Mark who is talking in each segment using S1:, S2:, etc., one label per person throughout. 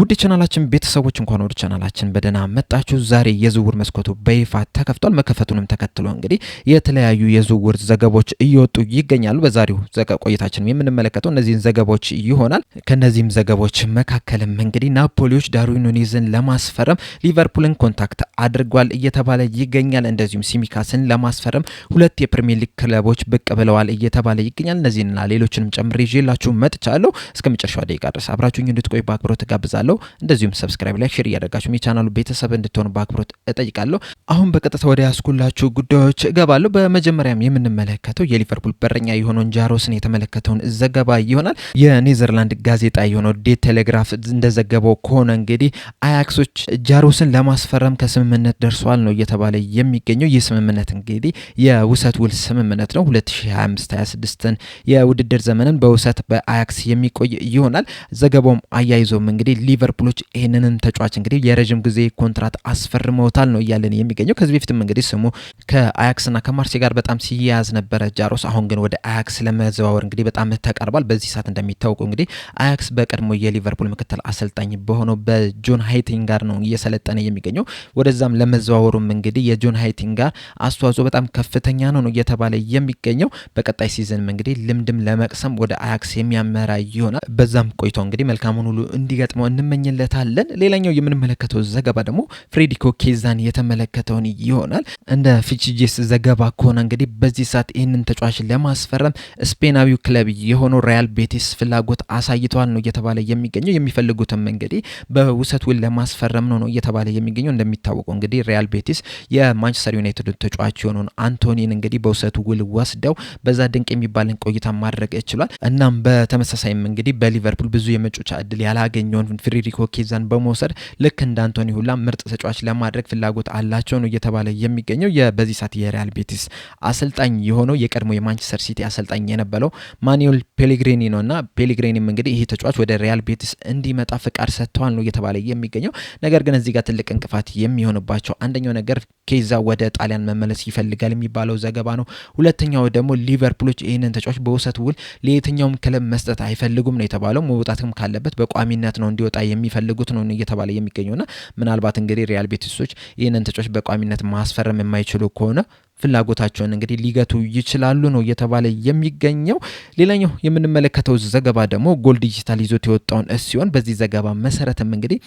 S1: ውድ ቻናላችን ቤተሰቦች እንኳን ወደ ቻናላችን በደህና መጣችሁ። ዛሬ የዝውውር መስኮቱ በይፋ ተከፍቷል። መከፈቱንም ተከትሎ እንግዲህ የተለያዩ የዝውውር ዘገቦች እየወጡ ይገኛሉ። በዛሬው ቆይታችን የምንመለከተው እነዚህን ዘገቦች ይሆናል። ከነዚህም ዘገቦች መካከልም እንግዲህ ናፖሊዎች ዳርዊን ኑኔዝን ለማስፈረም ሊቨርፑልን ኮንታክት አድርጓል እየተባለ ይገኛል። እንደዚሁም ሲሚካስን ለማስፈረም ሁለት የፕሪሚየር ሊግ ክለቦች ብቅ ብለዋል እየተባለ ይገኛል። እነዚህንና ሌሎችንም ጨምሬ ይዤላችሁ መጥቻለሁ። እስከ ደቂቃ ድረስ አብራችሁኝ እንድትቆይ በአክብሮት ጋብዛለሁ። አመሰግናለሁ። እንደዚሁም ሰብስክራይብ፣ ላይክ፣ ሼር እያደረጋችሁ የቻናሉ ቤተሰብ እንድትሆኑ በአክብሮት እጠይቃለሁ። አሁን በቀጥታ ወደ ያስኩላችሁ ጉዳዮች እገባለሁ። በመጀመሪያም የምንመለከተው የሊቨርፑል በረኛ የሆነውን ጃሮስን የተመለከተውን ዘገባ ይሆናል። የኔዘርላንድ ጋዜጣ የሆነው ዴ ቴሌግራፍ እንደዘገበው ከሆነ እንግዲህ አያክሶች ጃሮስን ለማስፈረም ከስምምነት ደርሷል ነው እየተባለ የሚገኘው። ይህ ስምምነት እንግዲህ የውሰት ውል ስምምነት ነው። 2025/26ን የውድድር ዘመንን በውሰት በአያክስ የሚቆይ ይሆናል። ዘገባውም አያይዞም እንግዲህ ሊቨርፑሎች ይህንንን ተጫዋች እንግዲህ የረዥም ጊዜ ኮንትራት አስፈርመውታል ነው እያለን የሚገኘው። ከዚህ በፊትም እንግዲህ ስሙ ከአያክስና ከማርሴ ጋር በጣም ሲያያዝ ነበረ ጃሮስ። አሁን ግን ወደ አያክስ ለመዘዋወር እንግዲህ በጣም ተቃርቧል። በዚህ ሰዓት እንደሚታወቁ እንግዲህ አያክስ በቀድሞ የሊቨርፑል ምክትል አሰልጣኝ በሆነው በጆን ሃይቲንግ ጋር ነው እየሰለጠነ የሚገኘው። ወደዛም ለመዘዋወሩም እንግዲህ የጆን ሃይቲንግ ጋር አስተዋጽኦ በጣም ከፍተኛ ነው ነው እየተባለ የሚገኘው። በቀጣይ ሲዝንም እንግዲህ ልምድም ለመቅሰም ወደ አያክስ የሚያመራ ይሆናል። በዛም ቆይቶ እንግዲህ መልካሙን ሁሉ እንዲገጥመው እንመኝለታለን። ሌላኛው የምንመለከተው ዘገባ ደግሞ ፍሬዲኮ ኬዛን የተመለከተውን ይሆናል። እንደ ፊችጄስ ዘገባ ከሆነ እንግዲህ በዚህ ሰዓት ይህንን ተጫዋች ለማስፈረም ስፔናዊው ክለብ የሆነው ሪያል ቤቲስ ፍላጎት አሳይተዋል ነው እየተባለ የሚገኘው። የሚፈልጉትም እንግዲህ በውሰት ውል ለማስፈረም ነው ነው እየተባለ የሚገኘው። እንደሚታወቀው እንግዲህ ሪያል ቤቲስ የማንቸስተር ዩናይትድ ተጫዋች የሆነውን አንቶኒን እንግዲህ በውሰቱ ውል ወስደው በዛ ድንቅ የሚባልን ቆይታ ማድረግ ችሏል። እናም በተመሳሳይም እንግዲህ በሊቨርፑል ብዙ የመጮቻ እድል ያላገኘውን ፍሬሪኮ ኬዛን በመውሰድ ልክ እንደ አንቶኒ ሁላ ምርጥ ተጫዋች ለማድረግ ፍላጎት አላቸው ነው እየተባለ የሚገኘው። በዚህ ሰዓት የሪያል ቤቲስ አሰልጣኝ የሆነው የቀድሞ የማንቸስተር ሲቲ አሰልጣኝ የነበረው ማኑኤል ፔሌግሪኒ ነው እና ፔሌግሪኒም እንግዲህ ይህ ተጫዋች ወደ ሪያል ቤቲስ እንዲመጣ ፍቃድ ሰጥተዋል ነው እየተባለ የሚገኘው። ነገር ግን እዚህ ጋር ትልቅ እንቅፋት የሚሆንባቸው አንደኛው ነገር ኬዛ ወደ ጣሊያን መመለስ ይፈልጋል የሚባለው ዘገባ ነው። ሁለተኛው ደግሞ ሊቨርፑሎች ይህንን ተጫዋች በውሰት ውል ለየትኛውም ክለብ መስጠት አይፈልጉም ነው የተባለው። መውጣትም ካለበት በቋሚነት ነው እንዲወጣ የሚፈልጉት ነው እየተባለ የሚገኘው ምናልባት እንግዲህ ሪያል ቤቲሶች ይህንን ተጫዋች በቋሚነት ማስፈረም የማይችሉ ከሆነ ፍላጎታቸውን እንግዲህ ሊገቱ ይችላሉ ነው እየተባለ የሚገኘው። ሌላኛው የምንመለከተው ዘገባ ደግሞ ጎል ዲጂታል ይዞት የወጣውን ሲሆን በዚህ ዘገባ መሰረትም እንግዲህ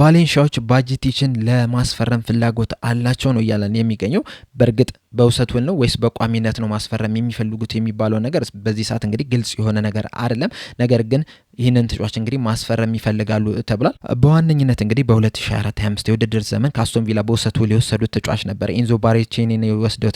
S1: ቫሌንሻዎች ባጅቲችን ለማስፈረም ፍላጎት አላቸው ነው እያለን የሚገኘው። በእርግጥ በውሰት ውል ነው ወይስ በቋሚነት ነው ማስፈረም የሚፈልጉት የሚባለው ነገር በዚህ ሰዓት እንግዲህ ግልጽ የሆነ ነገር አይደለም። ነገር ግን ይህንን ተጫዋች እንግዲህ ማስፈረም ይፈልጋሉ ተብሏል። በዋነኝነት እንግዲህ በ2024/25 የውድድር ዘመን ከአስቶን ቪላ በውሰት ውል የወሰዱት ተጫዋች ነበር። ኢንዞ ባሬቺኒን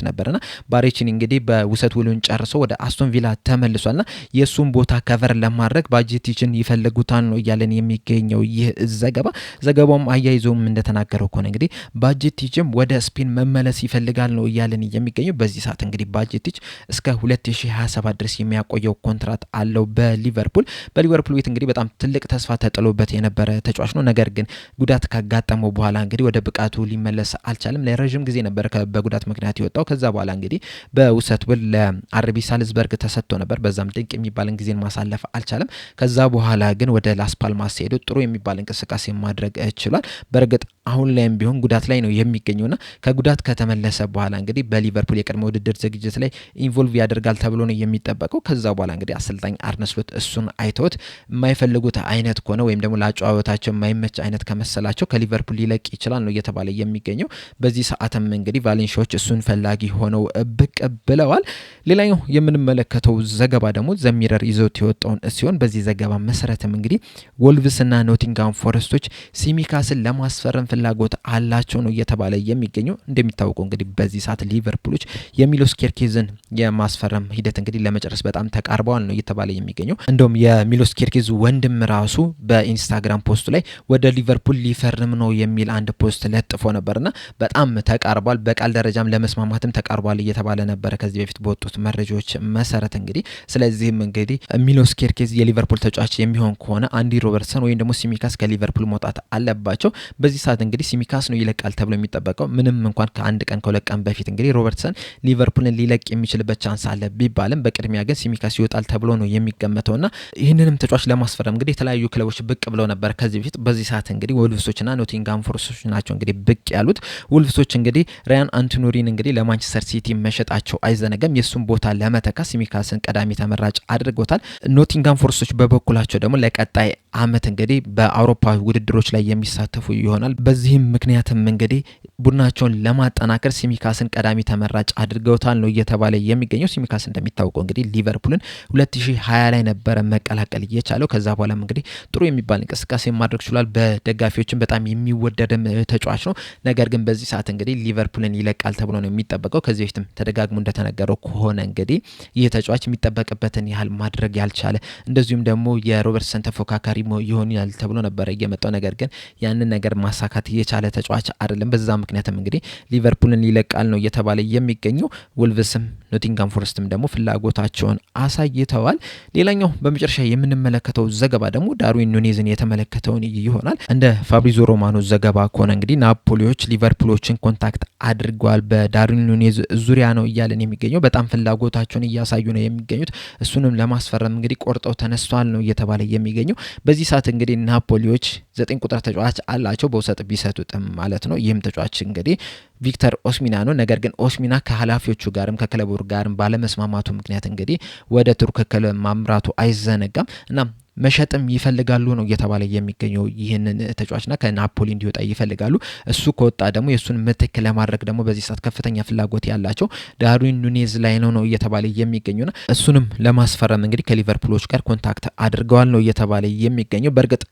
S1: ነበር ና ባሬቺኒ እንግዲህ በውሰት ውሉን ጨርሶ ወደ አስቶን ቪላ ተመልሷልና የእሱን ቦታ ከቨር ለማድረግ ባጀቲችን ይፈልጉታል ነው እያለን የሚገኘው ይህ ዘገባ። ዘገባውም አያይዞም እንደተናገረው ከሆነ እንግዲህ ባጀቲችም ወደ ስፔን መመለስ ይፈልጋል ነው እያለን የሚገኘው። በዚህ ሰዓት እንግዲህ ባጀቲች እስከ 2027 ድረስ የሚያቆየው ኮንትራት አለው በሊቨርፑል በሊቨር ቤት እንግዲህ በጣም ትልቅ ተስፋ ተጥሎበት የነበረ ተጫዋች ነው። ነገር ግን ጉዳት ካጋጠመው በኋላ እንግዲህ ወደ ብቃቱ ሊመለስ አልቻለም። ለረዥም ጊዜ ነበር በጉዳት ምክንያት የወጣው። ከዛ በኋላ እንግዲህ በውሰት ውል ለአርቢ ሳልዝበርግ ተሰጥቶ ነበር። በዛም ድንቅ የሚባልን ጊዜን ማሳለፍ አልቻለም። ከዛ በኋላ ግን ወደ ላስፓልማስ ሄዶ ጥሩ የሚባል እንቅስቃሴ ማድረግ ችሏል። በእርግጥ አሁን ላይም ቢሆን ጉዳት ላይ ነው የሚገኘውና ከጉዳት ከተመለሰ በኋላ እንግዲህ በሊቨርፑል የቅድመ ውድድር ዝግጅት ላይ ኢንቮልቭ ያደርጋል ተብሎ ነው የሚጠበቀው። ከዛ በኋላ እንግዲህ አሰልጣኝ አርነ ስሎት እሱን አይተውት የማይፈልጉት አይነት ከሆነ ወይም ደግሞ ለአጨዋወታቸው የማይመች አይነት ከመሰላቸው ከሊቨርፑል ሊለቅ ይችላል ነው እየተባለ የሚገኘው። በዚህ ሰዓትም እንግዲህ ቫሌንሺያዎች እሱን ፈላጊ ሆነው ብቅ ብለዋል። ሌላኛው የምንመለከተው ዘገባ ደግሞ ዘሚረር ይዘውት የወጣውን ሲሆን በዚህ ዘገባ መሰረትም እንግዲህ ወልቭስና ኖቲንጋም ፎረስቶች ሲሚካስን ለማስፈረም ፍላጎት አላቸው ነው እየተባለ የሚገኘው። እንደሚታወቀው እንግዲህ በዚህ ሰዓት ሊቨርፑሎች የሚሎስ ኬርኬዝን የማስፈረም ሂደት እንግዲህ ለመጨረስ በጣም ተቃርበዋል ነው እየተባለ የሚገኘው። እንደውም የሚሎስ ኬርኬዝ ወንድም ራሱ በኢንስታግራም ፖስቱ ላይ ወደ ሊቨርፑል ሊፈርም ነው የሚል አንድ ፖስት ለጥፎ ነበርና በጣም ተቃርቧል። በቃል ደረጃም ለመስማማትም ተቃርቧል እየተባለ ነበረ ከዚህ በፊት በወጡት መረጃዎች መሰረት እንግዲህ። ስለዚህም እንግዲህ ሚሎስ ኬርኬዝ የሊቨርፑል ተጫዋች የሚሆን ከሆነ አንዲ ሮበርትሰን ወይም ደግሞ ሲሚካስ ከሊቨርፑል መውጣት አለባቸው በዚህ ሰዓት እንግዲህ ሲሚካስ ነው ይለቃል ተብሎ የሚጠበቀው። ምንም እንኳን ከአንድ ቀን ከሁለት ቀን በፊት እንግዲህ ሮበርትሰን ሊቨርፑልን ሊለቅ የሚችልበት ቻንስ አለ ቢባልም በቅድሚያ ግን ሲሚካስ ይወጣል ተብሎ ነው የሚገመተው ና ይህንንም ተጫዋች ለማስፈረም እንግዲህ የተለያዩ ክለቦች ብቅ ብለው ነበር ከዚህ በፊት። በዚህ ሰዓት እንግዲህ ወልቭሶች ና ኖቲንጋም ፎርሶች ናቸው እንግዲህ ብቅ ያሉት። ወልቭሶች እንግዲህ ራያን አንቶኑሪን እንግዲህ ለማንቸስተር ሲቲ መሸጣቸው አይዘነገም። የእሱን ቦታ ለመተካ ሲሚካስን ቀዳሚ ተመራጭ አድርጎታል። ኖቲንጋም ፎርሶች በበኩላቸው ደግሞ ለቀጣይ አመት እንግዲህ በአውሮፓ ውድድሮች ላይ የሚሳተፉ ይሆናል። በዚህም ምክንያትም እንግዲህ ቡድናቸውን ለማጠናከር ሲሚካስን ቀዳሚ ተመራጭ አድርገውታል ነው እየተባለ የሚገኘው። ሲሚካስ እንደሚታወቀው እንግዲህ ሊቨርፑልን 2020 ላይ ነበረ መቀላቀል እየቻለው ከዛ በኋላም እንግዲህ ጥሩ የሚባል እንቅስቃሴ ማድረግ ችሏል። በደጋፊዎችን በጣም የሚወደድም ተጫዋች ነው። ነገር ግን በዚህ ሰዓት እንግዲህ ሊቨርፑልን ይለቃል ተብሎ ነው የሚጠበቀው። ከዚህ በፊትም ተደጋግሞ እንደተነገረው ከሆነ እንግዲህ ይህ ተጫዋች የሚጠበቅበትን ያህል ማድረግ ያልቻለ እንደዚሁም ደግሞ የሮበርትሰን ተፎካካሪ ይሆን ያል ተብሎ ነበረ እየመጣው ነገር ግን ያንን ነገር ማሳካት እየቻለ ተጫዋች አይደለም። በዛ ምክንያትም እንግዲህ ሊቨርፑልን ሊለቃል ነው እየተባለ የሚገኘው ውልቭስም ኖቲንጋም ፎረስትም ደግሞ ፍላጎታቸውን አሳይተዋል። ሌላኛው በመጨረሻ የምንመለከተው ዘገባ ደግሞ ዳርዊን ኑኔዝን የተመለከተውን ይሆናል። እንደ ፋብሪዞ ሮማኖ ዘገባ ከሆነ እንግዲህ ናፖሊዎች ሊቨርፑሎችን ኮንታክት አድርገዋል። በዳርዊን ኑኔዝ ዙሪያ ነው እያለን የሚገኘው በጣም ፍላጎታቸውን እያሳዩ ነው የሚገኙት። እሱንም ለማስፈረም እንግዲህ ቆርጠው ተነስተዋል ነው እየተባለ የሚገኘው። በዚህ ሰዓት እንግዲህ ናፖሊዎች ዘጠኝ ቁጥር ተጫዋች አላቸው በውሰጥ ቢሰጡጥም ማለት ነው። ይህም ተጫዋች እንግዲህ ቪክተር ኦስሚና ነው። ነገር ግን ኦስሚና ከኃላፊዎቹ ጋርም ከክለቡ ጋርም ባለመስማማቱ ምክንያት እንግዲህ ወደ ቱርክ ክለብ ማምራቱ አይዘነጋም እና መሸጥም ይፈልጋሉ ነው እየተባለ የሚገኘው ይህንን ተጫዋችና ከናፖሊ እንዲወጣ ይፈልጋሉ። እሱ ከወጣ ደግሞ የእሱን ምትክ ለማድረግ ደግሞ በዚህ ሰዓት ከፍተኛ ፍላጎት ያላቸው ዳርዊን ኑኔዝ ላይ ነው ነው እየተባለ የሚገኘውና እሱንም ለማስፈረም እንግዲህ ከሊቨርፑሎች ጋር ኮንታክት አድርገዋል ነው እየተባለ የሚገኘው። በእርግጥ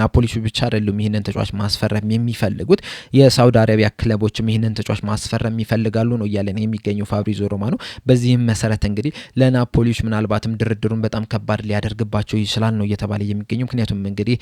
S1: ናፖሊሱ ብቻ አይደሉም ይህንን ተጫዋች ማስፈረም የሚፈልጉት የሳውዲ አረቢያ ክለቦችም ይህንን ተጫዋች ማስፈረም ይፈልጋሉ ነው እያለ ነው የሚገኘው ፋብሪዞ ሮማኖ። በዚህም መሰረት እንግዲህ ለናፖሊዎች ምናልባትም ድርድሩን በጣም ከባድ ሊያደርግባቸው ይችላል ነው እየተባለ የሚገኘው ምክንያቱም እንግዲህ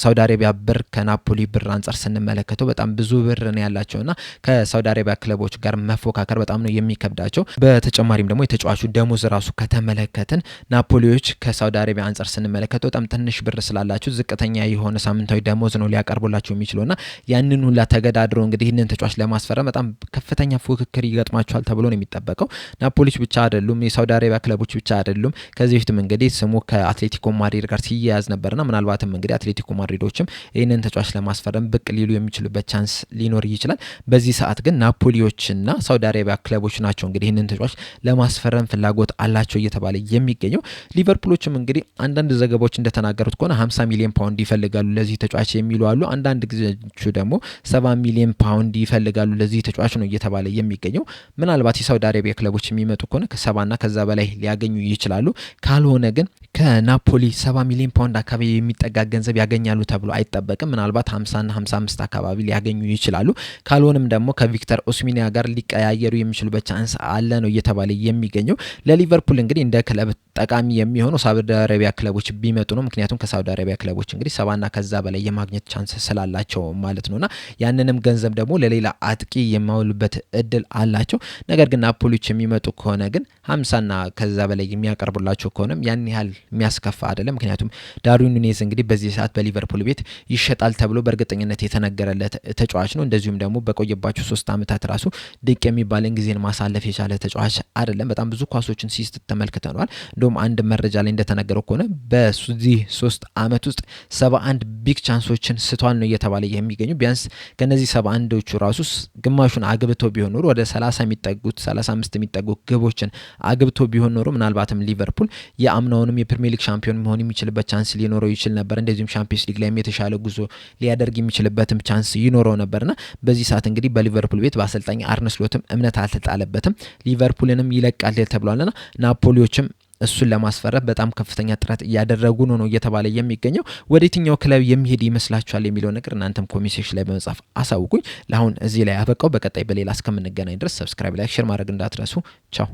S1: ሳውዲ አረቢያ ብር ከናፖሊ ብር አንጻር ስንመለከተው በጣም ብዙ ብር ነው ያላቸው እና ከሳውዲ አረቢያ ክለቦች ጋር መፎካከር በጣም ነው የሚከብዳቸው። በተጨማሪም ደግሞ የተጫዋቹ ደሞዝ ራሱ ከተመለከትን ናፖሊዎች ከሳውዲ አረቢያ አንጻር ስንመለከተው በጣም ትንሽ ብር ስላላቸው ዝቅተኛ የሆነ ሳምንታዊ ደሞዝ ነው ሊያቀርቡላቸው የሚችለው እና ያንን ሁላ ተገዳድሮ እንግዲህ ይህንን ተጫዋች ለማስፈረም በጣም ከፍተኛ ፉክክር ይገጥማቸዋል ተብሎ ነው የሚጠበቀው። ናፖሊዎች ብቻ አይደሉም፣ የሳውዲ አረቢያ ክለቦች ብቻ አይደሉም። ከዚህ በፊትም እንግዲህ ስሙ ከአትሌቲኮ ማድሪድ ጋር ሲያያዝ ነበርና ምናልባትም እንግዲህ አትሌቲኮ ማድሪዶችም ይህንን ተጫዋች ለማስፈረም ብቅ ሊሉ የሚችሉበት ቻንስ ሊኖር ይችላል። በዚህ ሰዓት ግን ናፖሊዎችና ሳውዲ አረቢያ ክለቦች ናቸው እንግዲህ ይህንን ተጫዋች ለማስፈረም ፍላጎት አላቸው እየተባለ የሚገኘው። ሊቨርፑሎችም እንግዲህ አንዳንድ ዘገባዎች እንደተናገሩት ከሆነ 50 ሚሊዮን ፓውንድ ይፈልጋሉ ለዚህ ተጫዋች የሚሉ አሉ። አንዳንድ ጊዜዎቹ ደግሞ 70 ሚሊዮን ፓውንድ ይፈልጋሉ ለዚህ ተጫዋች ነው እየተባለ የሚገኘው። ምናልባት የሳውዲ አረቢያ ክለቦች የሚመጡ ከሆነ ከሰባና ከዛ በላይ ሊያገኙ ይችላሉ። ካልሆነ ግን ከናፖሊ ሰባ ሚሊዮን ፓውንድ አካባቢ የሚጠጋ ገንዘብ ያገኛል ያገኛሉ ተብሎ አይጠበቅም። ምናልባት 50 5 55 አካባቢ ሊያገኙ ይችላሉ። ካልሆንም ደግሞ ከቪክተር ኦስሚኒያ ጋር ሊቀያየሩ የሚችሉበት ቻንስ አለ ነው እየተባለ የሚገኘው። ለሊቨርፑል እንግዲህ እንደ ክለብ ጠቃሚ የሚሆነው ሳውዲ አረቢያ ክለቦች ቢመጡ ነው። ምክንያቱም ከሳውዲ አረቢያ ክለቦች እንግዲህ ሰባና ከዛ በላይ የማግኘት ቻንስ ስላላቸው ማለት ነውና ያንንም ገንዘብ ደግሞ ለሌላ አጥቂ የማውልበት እድል አላቸው። ነገር ግን ናፖሊዎች የሚመጡ ከሆነ ግን ሀምሳና ከዛ በላይ የሚያቀርቡላቸው ከሆነም ያን ያህል የሚያስከፋ አይደለም። ምክንያቱም ዳርዊን ኑኔዝ እንግዲህ በዚህ ሰዓት በሊቨር በሊቨርፑል ቤት ይሸጣል ተብሎ በእርግጠኝነት የተነገረለት ተጫዋች ነው። እንደዚሁም ደግሞ በቆየባቸው ሶስት ዓመታት ራሱ ድንቅ የሚባልን ጊዜን ማሳለፍ የቻለ ተጫዋች አይደለም። በጣም ብዙ ኳሶችን ሲስት ተመልክተነዋል። እንደውም አንድ መረጃ ላይ እንደተነገረው ከሆነ በዚህ ሶስት ዓመት ውስጥ ሰባ አንድ ቢግ ቻንሶችን ስቷል ነው እየተባለ የሚገኙ ቢያንስ ከነዚህ ሰባ አንዶቹ ራሱ ግማሹን አግብቶ ቢሆን ኖሩ ወደ ሰላሳ የሚጠጉት ሰላሳ አምስት የሚጠጉ ግቦችን አግብቶ ቢሆን ኖሩ ምናልባትም ሊቨርፑል የአምናውንም የፕሪሚየር ሊግ ሻምፒዮን መሆን የሚችልበት ቻንስ ሊኖረው ይችል ነበር። እንደዚሁም ሻምፒዮንስ ሊግ ላይም የተሻለ ጉዞ ሊያደርግ የሚችልበትም ቻንስ ይኖረው ነበርና በዚህ ሰዓት እንግዲህ በሊቨርፑል ቤት በአሰልጣኝ አርነ ስሎትም እምነት አልተጣለበትም። ሊቨርፑልንም ይለቃል ተብሏልና ናፖሊዎችም እሱን ለማስፈረብ በጣም ከፍተኛ ጥረት እያደረጉ ነው ነው እየተባለ የሚገኘው። ወደ የትኛው ክለብ የሚሄድ ይመስላችኋል የሚለው ነገር እናንተም ኮሚሴሽን ላይ በመጻፍ አሳውቁኝ። ለአሁን እዚህ ላይ ያበቃው። በቀጣይ በሌላ እስከምንገናኝ ድረስ ሰብስክራይብ፣ ላይክ፣ ሼር ማድረግ እንዳትረሱ። ቻው